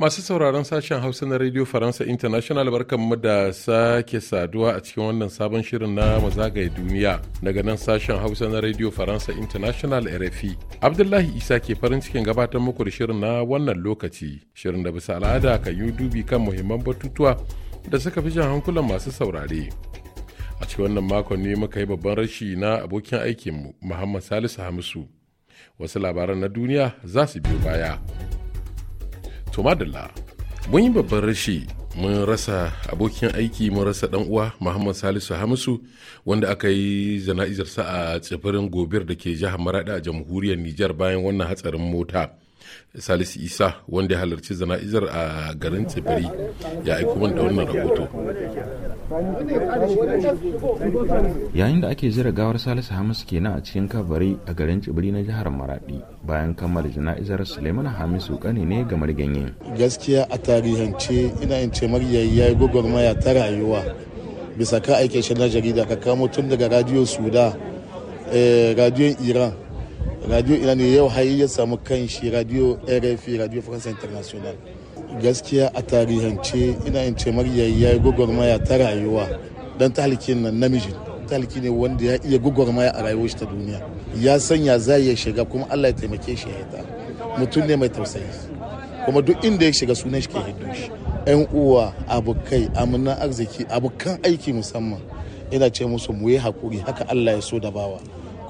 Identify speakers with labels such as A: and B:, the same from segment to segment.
A: Masu sauraron sashen Hausa na Radio Faransa International barkanmu da sake saduwa a cikin wannan sabon shirin na mazagaye duniya daga nan sashen Hausa na Radio Faransa International RFI. Abdullahi Isa ke farin cikin gabatar muku da shirin na wannan lokaci. Shirin da bisa al'ada kan yi dubi kan muhimman batutuwa da suka fi jan hankulan masu saurare. A cikin wannan makon ne muka yi babban rashi na abokin aikin mu Muhammad Salisu Hamisu. Wasu labaran na duniya za su biyo baya. to madalla mun yi babban rashi mun rasa abokin aiki mun rasa dan uwa muhammad salisu hamisu wanda aka yi zana'izarsa a tsibirin gobir da ke jihar maraɗa a jamhuriyar nijar bayan wannan hatsarin mota salisu isa wanda ya halarci zana'izar a garin tsibiri ya aiko min da wannan rahoto yayin da ake jira gawar
B: salisu hamisu kenan a cikin kabari a garin tsibiri na jihar maradi bayan kammala jana'izar suleiman hamisu kane ne ga marganyen
C: gaskiya a tarihance ina in ce maryayi ya gwagwarmaya ta rayuwa bisa ka aike shi na jarida ka kamo tun daga radio suda eh, radiyon iran radio ina ne yau har ya samu kan shi radio rfi radio france international gaskiya a tarihance ina in ce maryayi ya maya gwagwarmaya ta rayuwa don talikin nan namijin taliki ne wanda ya iya gwagwarmaya a rayuwar ta duniya ya sanya za ya shiga kuma allah ya taimake shi ya mutum ne mai tausayi kuma duk inda ya shiga sunan shi ke hiddo shi yan uwa abokai amina arziki abokan aiki musamman ina ce musu mu hakuri haka allah ya so da bawa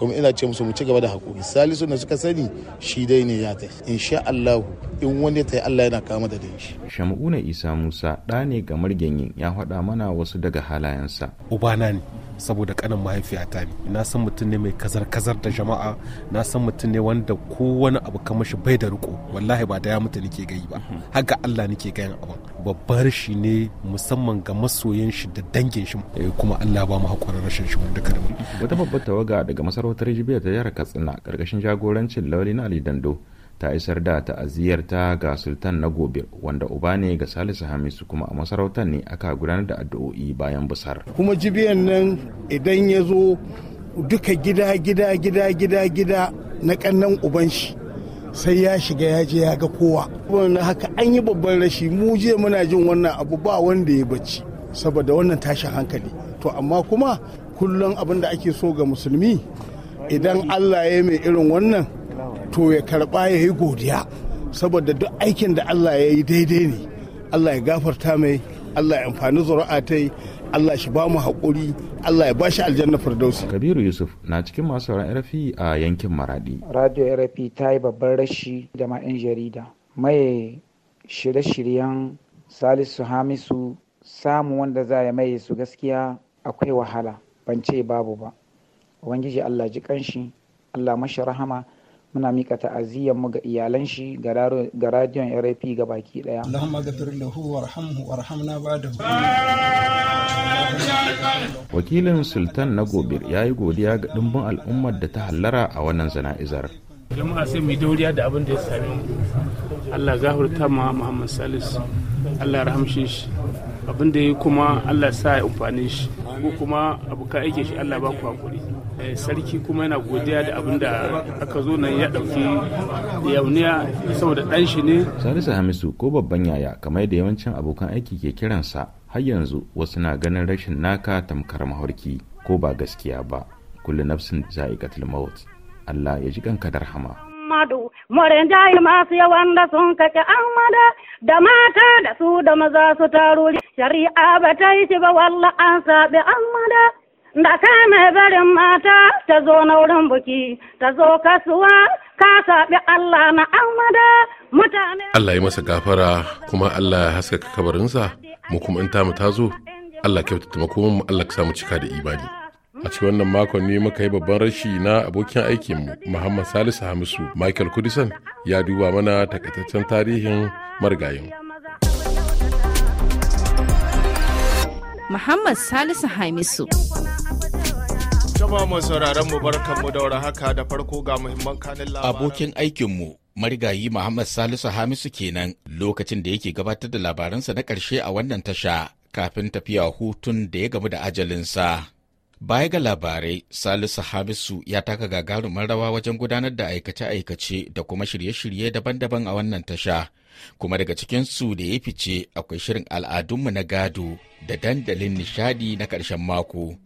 C: kuma ina ce musu mu ci gaba da hakuri salisu da suka sani shi dai ne ya tafi insha Allah in wani ta yi Allah yana kama da shi.
B: Sham'una Isa Musa ɗa ne ga marganyin ya faɗa mana wasu daga halayensa. Ubana ne saboda kanin mahaifiyata ne na
D: san mutum ne mai kazar-kazar da jama'a na san mutum ne wanda ko wani abu kama shi bai da riko wallahi ba da ya mutu nake gai ba haka Allah nake gayin abin babbar shi ne musamman ga masoyan shi da dangin shi eh, kuma Allah ba mu hakurin rashin shi wanda kada
B: wata babbar tawaga daga masarautar Jibiya ta jihar Katsina ƙarƙashin jagorancin Lauli na Ali Dando ta isar da ta'aziyarta ga sultan na gobe wanda uba ne ga salisu hamisu kuma a masarautar ne aka gudanar da addu'o'i bayan busar
E: kuma jibiyan nan idan ya zo duka gida gida gida gida gida na kannan uban shi sai ya shiga ya je ya ga kowa wannan haka an yi babban rashi mu je muna jin wannan abu ba wanda ya bacci saboda wannan tashin hankali to amma kuma kullum abin da ake so ga musulmi idan allah ya mai irin wannan to ya karba ya yi godiya saboda duk aikin da Allah ya yi daidai ne Allah ya gafarta mai Allah ya amfani zuri'a ta yi Allah shi ba mu haƙuri Allah ya ba shi aljanna firdausi. Kabiru Yusuf
B: na cikin masu ran RFI a yankin Maradi.
F: Radio RFI ta yi
B: babban rashi da ma
F: 'yan jarida. Mai shirye-shiryen Salisu Hamisu samu wanda za ya maye su gaskiya akwai wahala ban ce babu ba. Ubangiji Allah ji kanshi Allah mashi rahama. muna mika ta'aziyyar mu ga iyalan shi ga radiyon rfi ga baki daya Allahumma ghafir lahu warhamhu warhamna ba'dahu
B: Wakilin Sultan na Gobir ya yi godiya ga dimbin al'ummar da ta hallara a wannan zana'izar.
G: Jama'a sai mu dauriya da abin da ya same mu. Allah gafurta ma Muhammad Salisu. Allah rahamshe shi. Abin da ya kuma Allah sa ya amfane shi. Ko kuma abu ka aike shi Allah ba ku hakuri. Eh, sarki kuma yana godiya da abin da aka zo nan ya ɗauki yauniya saboda
B: ɗan shi ne salisu hamisu ko babban yaya kamar da yawancin abokan aiki ke kiransa har yanzu wasu na ganin rashin naka tamkar mahorki ko ba gaskiya ba kullu nafsin za'iqatul maut Allah ya ji kanka da rahama
H: Muhammadu murinjayi masu yawan da sun kake amada da mata da su da maza su taruri shari'a ba ta yi shi ba walla an saɓi amada da kai mai barin mata ta zo na wurin buki ta zo kasuwa ka saɓi Allah na amada mutane
A: Allah ya masa gafara kuma Allah ya haskaka kabarinsa mu kuma in tamu ta zo Allah kyautata makomin mu Allah ka samu cika da ibadi. a cikin wannan makon ne muka yi babban rashi na abokin aikin mu Muhammad Salisu Hamisu Michael Kudisan ya duba mana takaitaccen tarihin marigayin
H: Muhammad Salisu Hamisu
D: Jama'a mu barkan mu daura haka da farko ga muhimman kanin labaran. Abokin
I: aikinmu marigayi Muhammad Salisu Hamisu kenan lokacin da yake gabatar da labaransa na karshe a wannan tasha kafin tafiya hutun da ya gamu da ajalinsa. Baya ga labarai, Salisu Hamisu ya taka gagarumin rawa wajen gudanar da aikace-aikace da kuma shirye-shirye daban-daban a wannan tasha. Kuma daga cikinsu da ya fice akwai shirin al'adunmu na gado da dandalin nishadi na ƙarshen mako.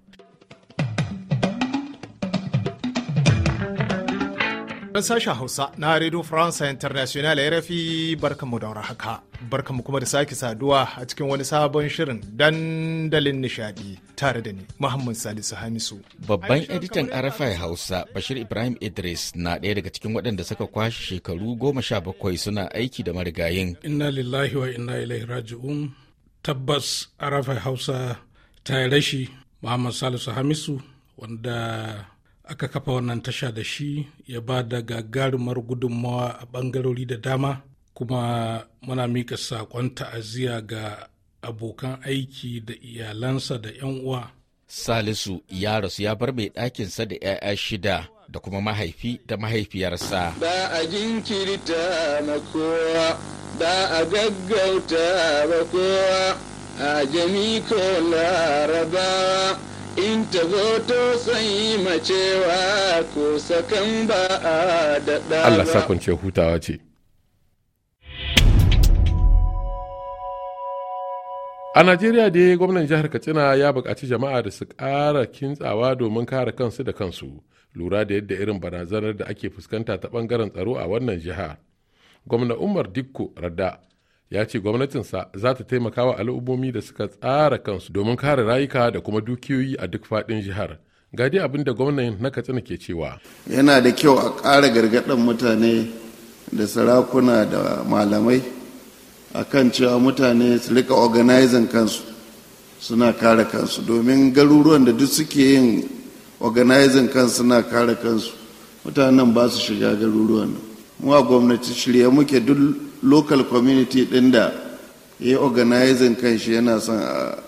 D: Dan sashen Hausa na Radio France International ya rafi mu da haka. mu kuma da sake saduwa a cikin wani sabon shirin dandalin nishadi tare da ni Muhammad Salisu Hamisu. Babban
I: editan RFI Hausa Bashir Ibrahim Idris na ɗaya daga cikin waɗanda suka kwashe shekaru goma sha bakwai suna aiki da marigayin.
G: Inna lillahi wa inna ilaihi raji'un. Tabbas RFI Hausa ta rashi Muhammad Salisu Hamisu wanda aka kafa wannan tasha da shi ya ba da gagarumar gudunmawa a ɓangarori da dama kuma muna mika saƙon ta'aziya ga abokan aiki da iyalansa da 'yan uwa.
I: Salisu ya rasu ya bar mai ɗakinsa da 'ya'ya shida da kuma mahaifi da mahaifiyarsa. Ba a jinkirta
E: ma kowa, ba a gaggauta ba kowa, a jami ko larabawa. in ta zo to son yi macewa ko sakan ba a daɗa Allah sakon
A: ce hutawa ce. A Najeriya dai gwamnan jihar Katsina ya buƙaci jama'a da su ƙara kintsawa domin kare kansu da kansu lura da yadda irin barazanar da ake fuskanta ta ɓangaren tsaro a wannan jihar Gwamna Umar Dikko Radda ya ce gwamnatinsa za ta taimaka wa al'ummomi da suka tsara kansu domin kare rayuka da kuma dukiyoyi a duk faɗin jihar gadi abin da gwamnan na katsina ke cewa
C: yana da kyau a ƙara gargaɗin mutane da sarakuna da malamai a kan cewa mutane su rika organizing kansu suna kare kansu domin garuruwan da duk suke yin organizing kansu suna kare kansu mutanen ba su shiga garuruwan mu a gwamnati shirya muke duk local community ɗin da ya organizing kan shi yana son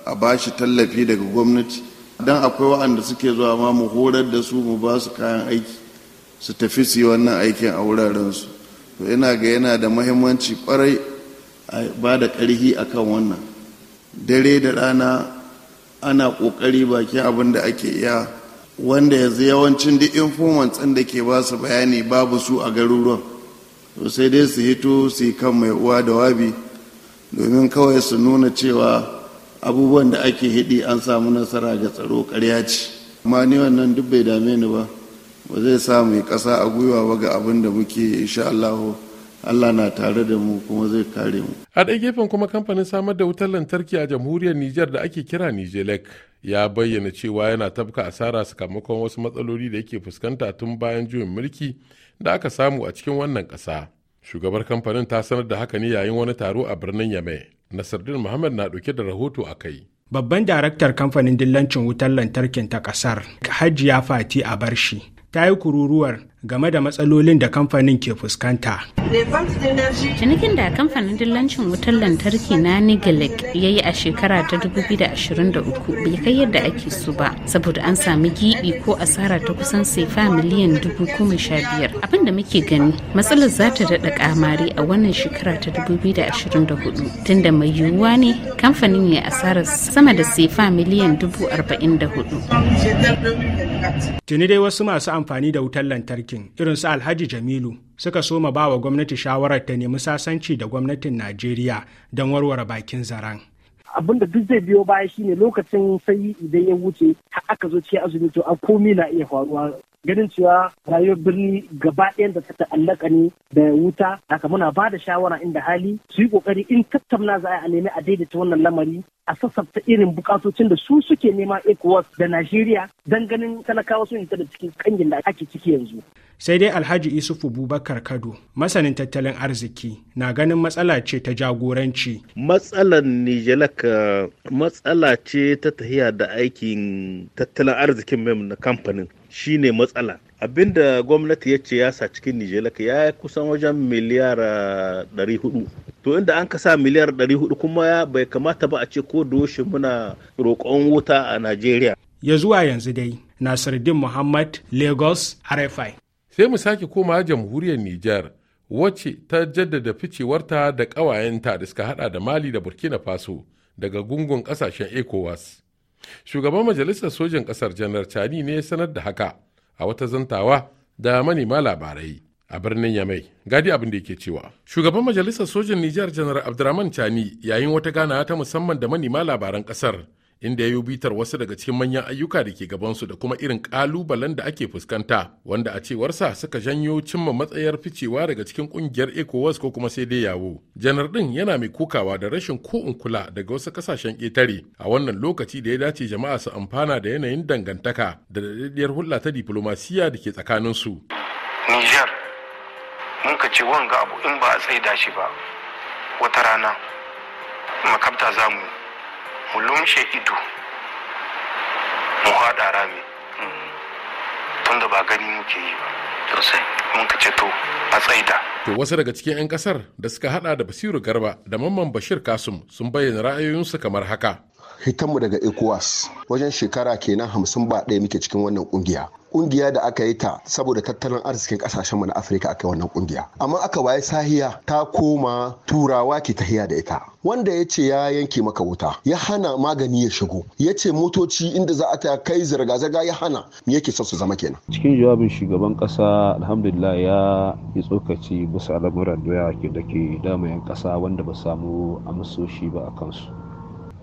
C: a bashi tallafi daga gwamnati don akwai waɗanda suke zuwa ma mu horar da su mu ba su kayan aiki su tafi su yi wannan aikin a su to ina ga yana da mahimmanci kwarai a ba da ƙarhi akan wannan dare da rana ana ƙoƙari bakin abin da ake iya wanda yanzu yawancin duk informants ɗin da ke ba su bayani babu su a garuruwan to sai dai su hito su yi kan mai uwa da wabi domin kawai su nuna cewa abubuwan da ake hidi an samu nasara ga tsaro karya ce amma ni wannan duk bai dame ni ba ba zai sa mai ƙasa a gwiwa ba ga abin da muke insha Allah Allah na tare da mu kuma zai kare mu
A: a ɗaya gefen kuma kamfanin samar da wutar lantarki a jamhuriyar Nijar da ake kira Nijelek ya bayyana cewa yana tafka asara sakamakon wasu matsaloli da yake fuskanta tun bayan juyin mulki da aka samu a cikin wannan ƙasa. Shugabar kamfanin ta sanar da haka ne yayin wani taro a birnin Yame. Nasardin Muhammad na ɗauke da rahoto a kai.
D: Babban daraktar kamfanin dillancin wutar lantarkin ta ƙasar, ya Fati a barshi ta yi kururuwar game da matsalolin da kamfanin ke fuskanta.
H: Cinikin da kamfanin dillancin wutar lantarki na Nigelec ya yi a shekara ta 2023 bai kai yadda ake so ba, saboda an sami gibi ko asara ta kusan sefa miliyan biyar Abin da muke gani, matsalar za ta daɗa kamari a wannan shekara ta 2024, tunda mai yiwuwa ne kamfanin ya asara sama da sefa miliyan 44. Tuni dai wasu
D: masu amfani da wutar lantarkin irin su Alhaji Jamilu suka so ma bawa gwamnati shawarar ta nemi sasanci da gwamnatin Najeriya don warware bakin zaren.
E: abin da duk zai
D: biyo
F: baya shine lokacin sai idan ya wuce aka zo cikin azumi to a komi na iya faruwa ganin cewa rayuwar birni gaba ɗayan da ta ta'allaka ne da wuta haka muna ba da shawara inda hali su yi ƙoƙari in tattauna za a nemi a daidaita wannan lamari a sassafta irin bukatocin da su suke nema ECOWAS da Najeriya don ganin talakawa sun ta da cikin kangin da ake ciki yanzu.
D: Sai dai Alhaji Isufu Bubakar Kado, masanin tattalin arziki, na ganin matsala ce ta jagoranci. Matsalar Nijalaka matsala ce ta tahiya da aikin tattalin arzikin mem na kamfanin shine matsala. abinda gwamnati ya ce ya sa cikin nijelaka ya yi kusan wajen miliyar 400 ah, to inda an ka sa miliyar 400 kuma bai kamata ba a ce ko doshi muna roƙon wuta a najeriya ya zuwa yanzu dai nasiruddin muhammad
A: lagos rfi sai mu sake koma jamhuriyar nijar wacce ta jaddada ficewarta da ƙawayenta da suka hada da mali da burkina faso daga gungun ƙasashen ecowas shugaban majalisar sojin ƙasar janar chani ne ya sanar da haka a wata zantawa da manema labarai a birnin yamai gadi abin da yake cewa shugaban majalisar sojin nijar janar abdurrahman chani yayin wata ganawa ta musamman da manema labaran kasar inda ya yi bitar wasu daga cikin manyan ayyuka da ke gabansu da kuma irin ƙalubalen da ake fuskanta wanda a cewarsa suka janyo cimma matsayar ficewa daga cikin ƙungiyar ecowas ko kuma sai dai yawo janar ɗin yana mai kokawa da rashin ko in kula daga wasu ƙasashen ƙetare a wannan lokaci da ya dace jama'a su amfana da yanayin dangantaka da daɗaɗɗiyar hulɗa ta diplomasiya da ke tsakaninsu. Niger
C: mun ka ce wanga abu in ba a
D: tsaida shi ba wata rana makabta zamu mu lumshe ido mu haɗa rami
C: da ba gani muke yi ba sosai mun ka ce to a
A: tsaida To wasu daga cikin 'yan kasar da suka hada da Basiru Garba da Mamman Bashir Kasum sun bayyana ra'ayoyinsu kamar haka.
I: hitanmu daga ecowas wajen shekara kenan hamsin ba ɗaya muke cikin wannan ƙungiya, ƙungiya da aka yi ta saboda tattalin arzikin ƙasashenmu na afirka aka wannan ƙungiya. amma aka waye sahiya ta koma turawa ke tahiya da ita wanda ya ce ya yanke maka wuta ya hana magani ya shigo ya ce motoci inda za a ta kai zirga-zirga ya hana me yake son su zama kenan
G: cikin jawabin shugaban ƙasa, alhamdulillah ya yi tsokaci bisa lamuran doya da ke damayan ƙasa, wanda ba samu amsoshi ba a kansu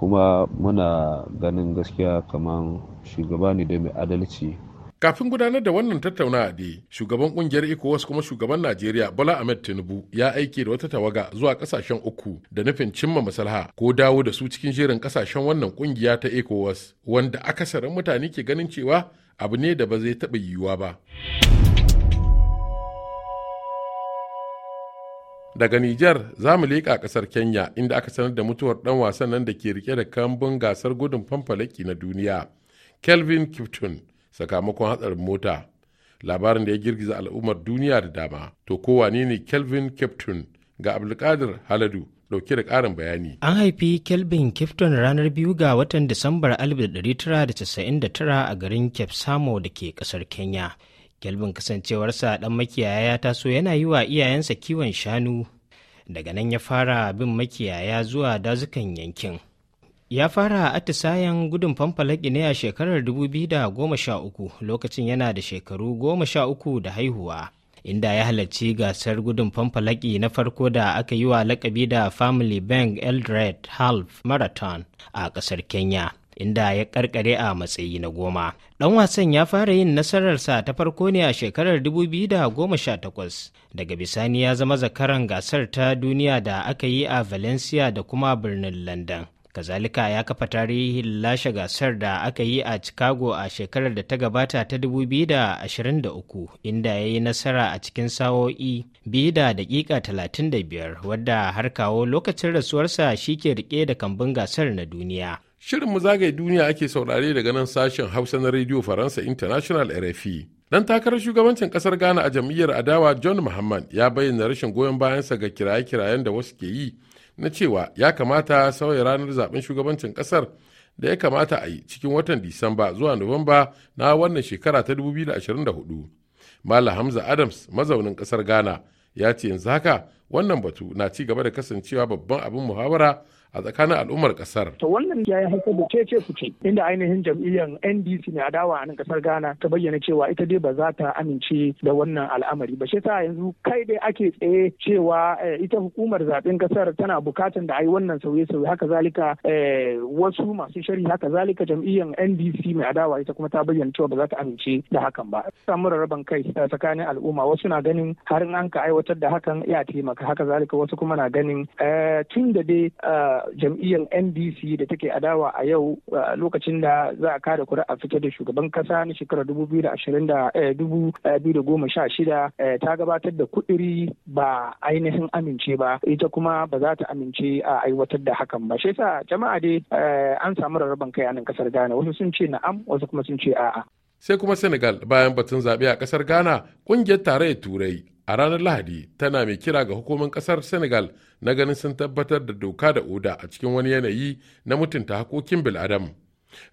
G: kuma muna ganin gaskiya kamar shugaba ne da mai adalci
A: kafin gudanar da wannan tattaunawa da shugaban kungiyar ecowas kuma shugaban najeriya bala ahmed tinubu ya aike da wata tawaga zuwa kasashen uku da nufin cimma masalha ko dawo da su cikin jerin kasashen wannan kungiya ta ecowas wanda akasarin mutane ke ganin cewa abu ne da ba zai taɓa yiwuwa ba Daga Nijar za mu leƙa ƙasar Kenya inda aka sanar da mutuwar ɗan wasan nan da ke rike da kambun gasar gudun fanfalaki na duniya, Kelvin Kipton, sakamakon hatsarin mota. Labarin da ya girgiza al'ummar duniya da dama. To kowa ne Kelvin Kipton ga Abdulkadir Haladu dauke da ƙarin bayani.
J: An haifi Kelvin Kipton ranar biyu ga watan Disambar 1999 a garin Kepsamo da ke ƙasar Kenya. gelbin kasancewarsa ɗan makiyaya ya taso yana yi wa iyayensa kiwon shanu daga nan ya fara bin makiyaya zuwa dazukan yankin ya fara atisayen gudun famfalaki ne a shekarar 2013 lokacin yana da shekaru 13 da haihuwa inda ya halarci gasar gudun famfalaki na farko da aka yi wa lakabi da family bank eldred half marathon a ƙasar kenya inda ya karkare a matsayi na goma. Ɗan wasan ya fara yin nasararsa ta farko ne a shekarar 2018 daga bisani ya zama zakaran gasar ta duniya da aka yi a Valencia da kuma birnin London. Kazalika ya kafa tarihin lashe gasar da aka yi a Chicago a shekarar da ta gabata ta 2023 inda ya yi nasara a cikin sa'o'i biyu da dakika 35 wadda har kawo lokacin rasuwarsa shi ke rike da kambun gasar na duniya.
A: Shirin mu zagaye duniya ake saurare daga nan sashen Hausa na Radio Faransa International RFI. Dan takarar shugabancin kasar Ghana a jam'iyyar adawa John Muhammad ya bayyana rashin goyon bayansa ga kiraye-kirayen da wasu ke yi na cewa ya kamata sauya ranar zaben shugabancin kasar da ya kamata a yi cikin watan Disamba zuwa Nuwamba na wannan shekara ta 2024. Mala Hamza Adams mazaunin kasar Ghana ya ce yanzu haka wannan batu na ci gaba da kasancewa babban abin muhawara a tsakanin al'ummar kasar. To wannan ya yi haifar
F: da cece kuce inda ainihin jam'iyyar NDC mai adawa a nan kasar Ghana ta bayyana cewa ita dai ba za ta amince da wannan al'amari ba. Shi yanzu kai dai ake tsaye cewa eh, ita hukumar zaben kasar tana bukatan da a yi wannan sauye-sauye haka zalika eh, wasu masu shari haka zalika jam'iyyar NDC mai adawa ita kuma ta bayyana cewa ba za ta amince da hakan ba. Samun rarraban kai eh, tsakanin al'umma wasu na ganin har an ka aiwatar da hakan ya taimaka haka zalika wasu kuma na ganin tun da dai jam'iyyar ndc da take adawa a yau lokacin da za a kada kuri'a fitar da shugaban kasa na shekarar shida ta gabatar da kuɗiri ba ainihin amince ba ita kuma ba za ta amince a aiwatar da hakan ba shi sa jama'a dai eh, an samu rarraban kai a nan kasar ghana wasu sun ce na'am wasu kuma sun ce a'a
A: sai kuma senegal bayan batun zaɓe a ƙasar ghana ƙungiyar tarayyar turai a ranar lahadi tana mai kira ga hukumar kasar senegal na ganin sun tabbatar da doka da oda a cikin wani yanayi na mutunta hakokin bil'adam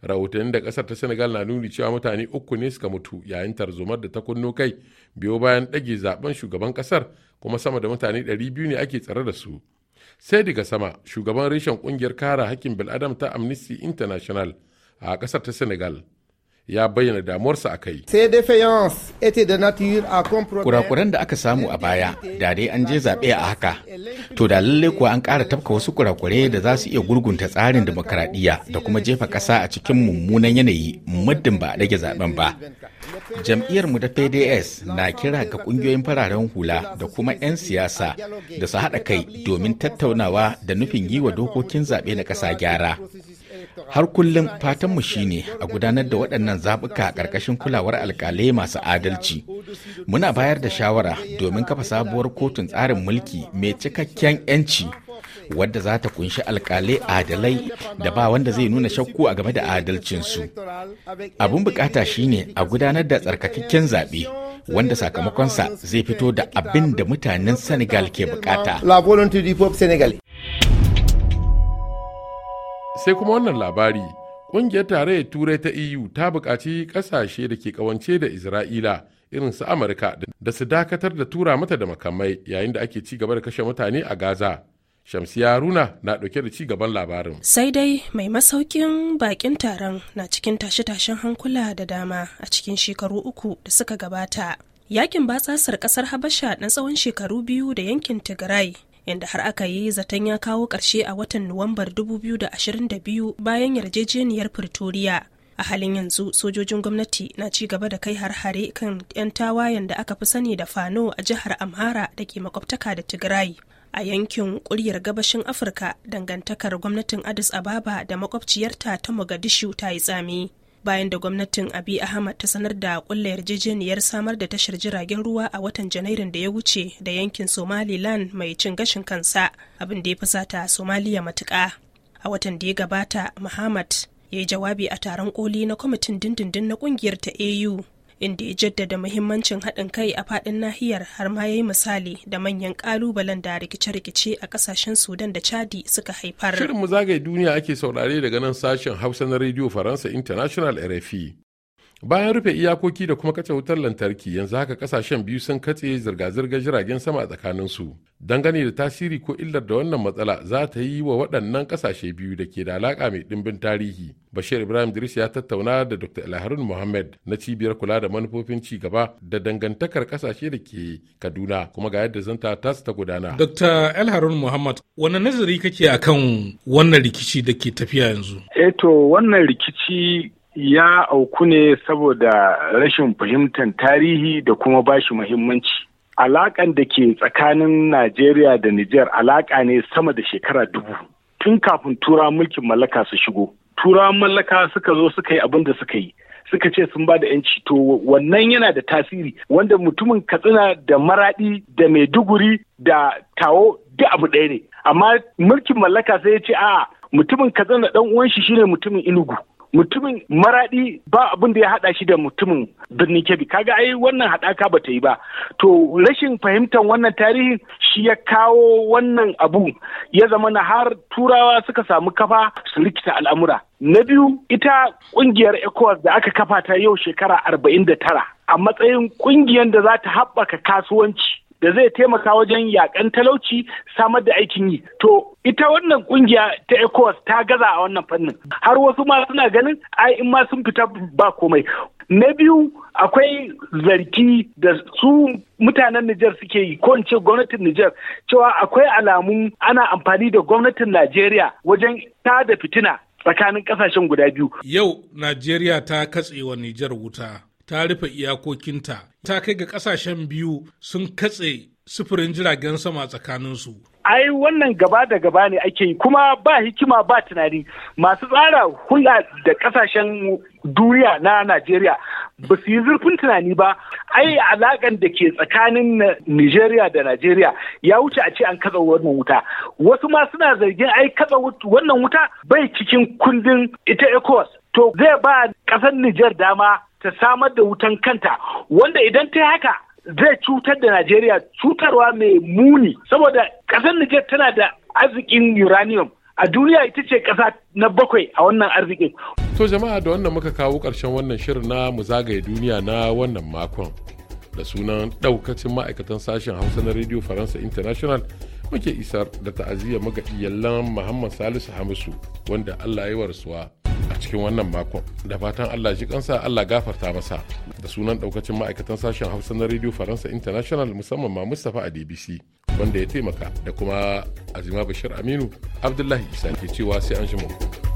A: rahotanni da kasar ta senegal na nuni cewa mutane uku ne suka mutu yayin tarzomar da ta kunno kai biyo bayan ɗage zaben shugaban kasar kuma sama da mutane 200 ne ake tsare da su sai daga sama shugaban reshen kungiyar kara hakkin bil'adam ta amnesty international a kasar ta senegal ya bayyana damuwarsa a kai. Kurakuran da aka samu a baya, da dai an je zaɓe a haka.
I: To da lalle kuwa an ƙara tafka wasu kurakure da za su iya gurgunta tsarin demokaradiyya da kuma jefa ƙasa a cikin mummunan yanayi muddin ba a rage zaɓen ba. Jam'iyyar mu da PDS na kira ga ƙungiyoyin fararen hula da kuma 'yan siyasa da su haɗa kai domin tattaunawa da nufin yi wa dokokin zaɓe na ƙasa gyara. har kullum fatanmu shine a gudanar da waɗannan zaɓuka a ƙarƙashin kulawar alƙalai masu adalci muna bayar da shawara domin kafa sabuwar kotun tsarin mulki mai cikakken 'yanci wadda za ta kunshi alƙalai adalai da ba wanda zai nuna shakku a game da adalcinsu abun bukata shine a gudanar da tsarkakakken zaɓe wanda sakamakonsa zai fito da abin da mutanen senegal ke bukata
A: sai kuma wannan labari ƙungiyar tarayyar turai ta eu ta buƙaci ƙasashe da ke ƙawance da isra'ila irin su amurka da su dakatar da tura mata da makamai yayin da ake ci gaba da kashe mutane a gaza Shamsiya Haruna na ɗauke da ci gaban labarin.
H: Sai dai mai masaukin bakin taron na cikin tashe-tashen hankula da dama a cikin shekaru uku da suka gabata. Yakin batsasar ƙasar Habasha na tsawon shekaru biyu da yankin Tigray inda har aka yi zaton ya kawo ƙarshe a watan Nuwambar 2022 bayan yarjejeniyar Pretoria. A halin yanzu sojojin gwamnati na ci gaba da kai har-hare kan 'yan tawayen da aka fi sani da Fano a jihar Amhara da ke makwabtaka da Tigray. A yankin kuryar gabashin Afirka dangantakar gwamnatin Addis Ababa da makwabciyarta ta Mogadishu ta yi tsami. bayan da gwamnatin abi ahmad ta sanar da kulla yarjejeniyar samar da tashar jiragen ruwa a watan janairun da ya wuce da yankin somaliland mai cin gashin kansa abin da ya fusata somaliya matuƙa a watan da ya gabata muhammad ya yi jawabi a taron koli na kwamitin dindindin na kungiyar ta au inda ya jaddada muhimmancin haɗin kai a faɗin nahiyar har ma ya misali da manyan ƙalubalen da rikice-rikice a ƙasashen sudan da chadi suka haifar shirin
A: mu zagaye duniya ake saurare daga nan sashen hausa na rediyo faransa international rfi bayan rufe iyakoki da kuma kace wutar lantarki yanzu haka kasashen biyu sun katse zirga-zirgar jiragen sama a tsakaninsu dangane da tasiri ko illar da wannan matsala za ta yi wa waɗannan kasashe biyu da ke da alaƙa mai ɗimbin tarihi bashir ibrahim Diris ya tattauna da dr alharun mohammed na cibiyar kula da manufofin ci gaba da dangantakar kasashe da ke kaduna kuma ga yadda zanta ta ta gudana dr
G: alharun mohammed wani nazari kake akan wannan rikici da ke tafiya yanzu eto
E: eh wannan rikici ya auku ne saboda rashin fahimtar tarihi da kuma bashi muhimmanci. Alaƙan da ke tsakanin Najeriya da Nijar alaƙa ne sama da shekara dubu. Tun kafin tura mulkin mallaka su shigo. Tura mallaka suka zo suka yi abin da suka yi. Suka ce sun ba da ‘yanci to wannan yana da tasiri wanda mutumin Katsina da Maraɗi da Maiduguri da Tawo duk abu ɗaya ne. Amma mulkin mallaka sai ya ce a'a mutumin Katsina ɗan uwan shi shine mutumin Inugu. mutumin maradi ba abin da ya hada shi da mutumin birnin kebbi kaga ai wannan hadaka ba ta yi ba to rashin fahimtar wannan tarihin shi ya kawo wannan abu ya zama na har turawa suka samu kafa su rikita al'amura na biyu ita kungiyar ecowas da aka kafa ta yau shekara arba'in da tara a matsayin kungiyar da za ta haɓaka kasuwanci da zai taimaka wajen yakan talauci samar da aikin yi to ita wannan kungiya ta ECOWAS ta gaza a wannan fannin har wasu ma suna ganin ai in ma sun fita ba komai na biyu akwai zarki da su mutanen Nijar suke yi ko ce gwamnatin Nijar cewa akwai alamun ana amfani da gwamnatin Najeriya wajen ta da fitina tsakanin kasashen
G: guda biyu. Yau Najeriya ta katse wa Nijar wuta. ta rufe iyakokinta ta kai ga kasashen biyu sun katse sufurin jiragen sama tsakaninsu.
E: Ai wannan gaba da gaba ne ake yi kuma ba hikima ba tunani masu tsara hulɗa da kasashen duniya na Najeriya ba su yi zurfin tunani ba ai alakan da ke tsakanin Nigeria da Najeriya ya wuce a ce an katsa wannan wuta wasu ma suna zargin ai katsa wannan wuta bai cikin kundin ita ECOWAS to zai ba ƙasar Nijar dama ta samar da wutan kanta wanda idan ta haka zai cutar da Najeriya cutarwa mai muni saboda ƙasar Niger tana da arzikin uranium a duniya ita ce ƙasa na bakwai a wannan arzikin.
A: To jama'a da wannan muka kawo ƙarshen wannan shirin na mu zagaye duniya na wannan makon da sunan ɗaukacin ma'aikatan sashen Hausa na Radio Faransa International muke isar da ta'aziyya muga iyallan Muhammad Salisu Hamisu wanda Allah ya warsuwa. a cikin wannan makon da fatan allah ji kansa allah gafarta masa da sunan daukacin ma'aikatan sashen hausa na radio faransa international musamman ma mustapha a dbc wanda ya taimaka da kuma azima bashir aminu abdullahi isa ke cewa sai an shi mako